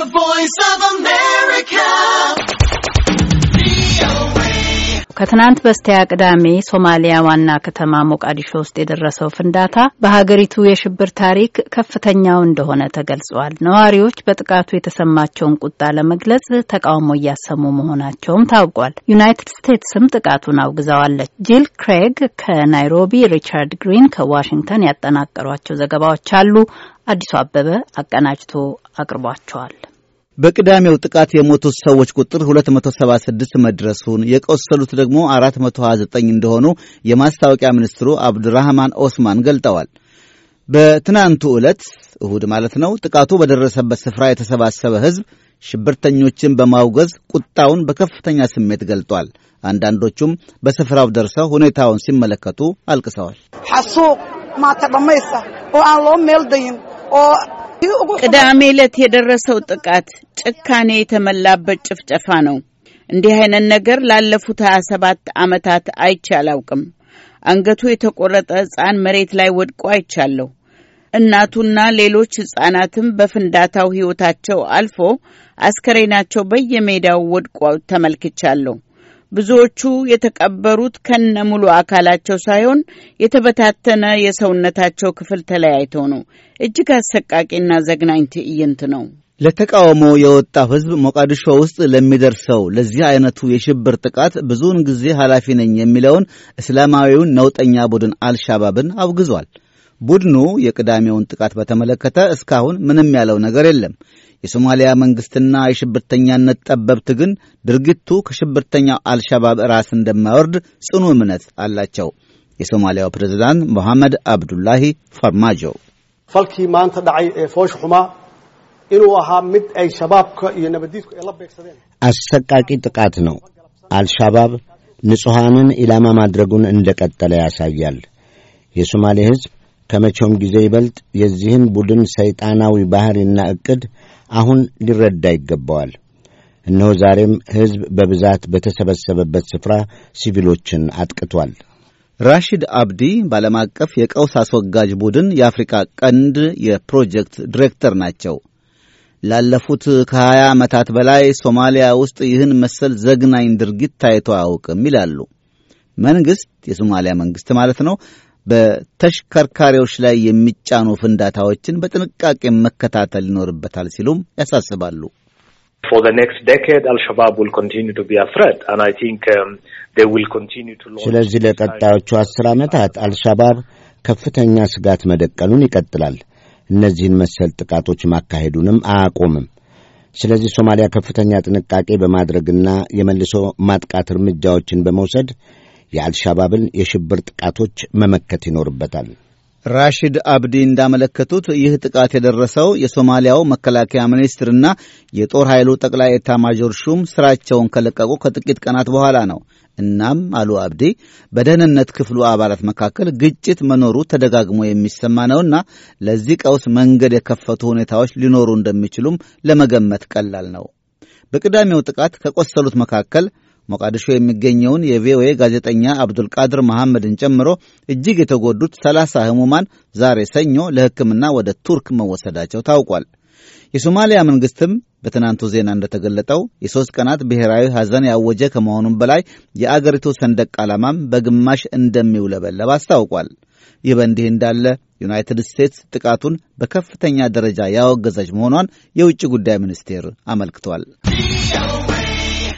The Voice of a man. ከትናንት በስቲያ ቅዳሜ ሶማሊያ ዋና ከተማ ሞቃዲሾ ውስጥ የደረሰው ፍንዳታ በሀገሪቱ የሽብር ታሪክ ከፍተኛው እንደሆነ ተገልጿል። ነዋሪዎች በጥቃቱ የተሰማቸውን ቁጣ ለመግለጽ ተቃውሞ እያሰሙ መሆናቸውም ታውቋል። ዩናይትድ ስቴትስም ጥቃቱን አውግዛዋለች። ጂል ክሬግ ከናይሮቢ፣ ሪቻርድ ግሪን ከዋሽንግተን ያጠናቀሯቸው ዘገባዎች አሉ። አዲሱ አበበ አቀናጅቶ አቅርቧቸዋል። በቅዳሜው ጥቃት የሞቱት ሰዎች ቁጥር 276 መድረሱን የቆሰሉት ደግሞ 429 እንደሆኑ የማስታወቂያ ሚኒስትሩ አብዱራህማን ኦስማን ገልጠዋል። በትናንቱ ዕለት እሁድ ማለት ነው። ጥቃቱ በደረሰበት ስፍራ የተሰባሰበ ሕዝብ ሽብርተኞችን በማውገዝ ቁጣውን በከፍተኛ ስሜት ገልጧል። አንዳንዶቹም በስፍራው ደርሰው ሁኔታውን ሲመለከቱ አልቅሰዋል። ሐሱቅ ማተበመይሳ ኦ አሎ ሜልደይን ቅዳሜ ዕለት የደረሰው ጥቃት ጭካኔ የተመላበት ጭፍጨፋ ነው። እንዲህ አይነት ነገር ላለፉት ሀያ ሰባት ዓመታት አይቼ አላውቅም። አንገቱ የተቆረጠ ሕፃን መሬት ላይ ወድቆ አይቻለሁ። እናቱና ሌሎች ሕፃናትም በፍንዳታው ሕይወታቸው አልፎ አስከሬናቸው በየሜዳው ወድቆ ተመልክቻለሁ። ብዙዎቹ የተቀበሩት ከነ ሙሉ አካላቸው ሳይሆን የተበታተነ የሰውነታቸው ክፍል ተለያይተው ነው። እጅግ አሰቃቂና ዘግናኝ ትዕይንት ነው። ለተቃውሞ የወጣው ሕዝብ ሞቃዲሾ ውስጥ ለሚደርሰው ለዚህ አይነቱ የሽብር ጥቃት ብዙውን ጊዜ ኃላፊ ነኝ የሚለውን እስላማዊውን ነውጠኛ ቡድን አልሻባብን አውግዟል። ቡድኑ የቅዳሜውን ጥቃት በተመለከተ እስካሁን ምንም ያለው ነገር የለም። የሶማሊያ መንግሥትና የሽብርተኛነት ጠበብት ግን ድርጊቱ ከሽብርተኛው አልሻባብ ራስ እንደማይወርድ ጽኑ እምነት አላቸው። የሶማሊያው ፕሬዝዳንት ሞሐመድ አብዱላሂ ፈርማጆ ፈልኪ ማንተ ዳይ ፎሽ ሑማ ኢኑ አሃ ሚድ አሰቃቂ ጥቃት ነው። አልሻባብ ንጹሐንን ኢላማ ማድረጉን እንደ ቀጠለ ያሳያል። የሶማሌ ሕዝብ ከመቼውም ጊዜ ይበልጥ የዚህን ቡድን ሰይጣናዊ ባሕሪና ዕቅድ አሁን ሊረዳ ይገባዋል። እነሆ ዛሬም ሕዝብ በብዛት በተሰበሰበበት ስፍራ ሲቪሎችን አጥቅቷል። ራሺድ አብዲ በዓለም አቀፍ የቀውስ አስወጋጅ ቡድን የአፍሪካ ቀንድ የፕሮጀክት ዲሬክተር ናቸው። ላለፉት ከሀያ ዓመታት በላይ ሶማሊያ ውስጥ ይህን መሰል ዘግናኝ ድርጊት ታይቶ አያውቅም ይላሉ። መንግሥት የሶማሊያ መንግሥት ማለት ነው በተሽከርካሪዎች ላይ የሚጫኑ ፍንዳታዎችን በጥንቃቄ መከታተል ይኖርበታል ሲሉም ያሳስባሉ። um, ስለዚህ ለቀጣዮቹ አስር ዓመታት አልሻባብ ከፍተኛ ስጋት መደቀኑን ይቀጥላል። እነዚህን መሰል ጥቃቶች ማካሄዱንም አያቆምም። ስለዚህ ሶማሊያ ከፍተኛ ጥንቃቄ በማድረግና የመልሶ ማጥቃት እርምጃዎችን በመውሰድ የአልሻባብን የሽብር ጥቃቶች መመከት ይኖርበታል። ራሽድ አብዲ እንዳመለከቱት ይህ ጥቃት የደረሰው የሶማሊያው መከላከያ ሚኒስትርና የጦር ኃይሉ ጠቅላይ ኤታማዦር ሹም ስራቸውን ከለቀቁ ከጥቂት ቀናት በኋላ ነው። እናም አሉ አብዲ፣ በደህንነት ክፍሉ አባላት መካከል ግጭት መኖሩ ተደጋግሞ የሚሰማ ነውና ለዚህ ቀውስ መንገድ የከፈቱ ሁኔታዎች ሊኖሩ እንደሚችሉም ለመገመት ቀላል ነው። በቅዳሜው ጥቃት ከቆሰሉት መካከል ሞቃዲሾ የሚገኘውን የቪኦኤ ጋዜጠኛ አብዱል ቃድር መሐመድን ጨምሮ እጅግ የተጎዱት ሰላሳ ህሙማን ዛሬ ሰኞ ለሕክምና ወደ ቱርክ መወሰዳቸው ታውቋል። የሶማሊያ መንግስትም በትናንቱ ዜና እንደተገለጠው የሦስት ቀናት ብሔራዊ ሐዘን ያወጀ ከመሆኑም በላይ የአገሪቱ ሰንደቅ ዓላማም በግማሽ እንደሚውለበለብ አስታውቋል። ይህ በእንዲህ እንዳለ ዩናይትድ ስቴትስ ጥቃቱን በከፍተኛ ደረጃ ያወገዘች መሆኗን የውጭ ጉዳይ ሚኒስቴር አመልክቷል።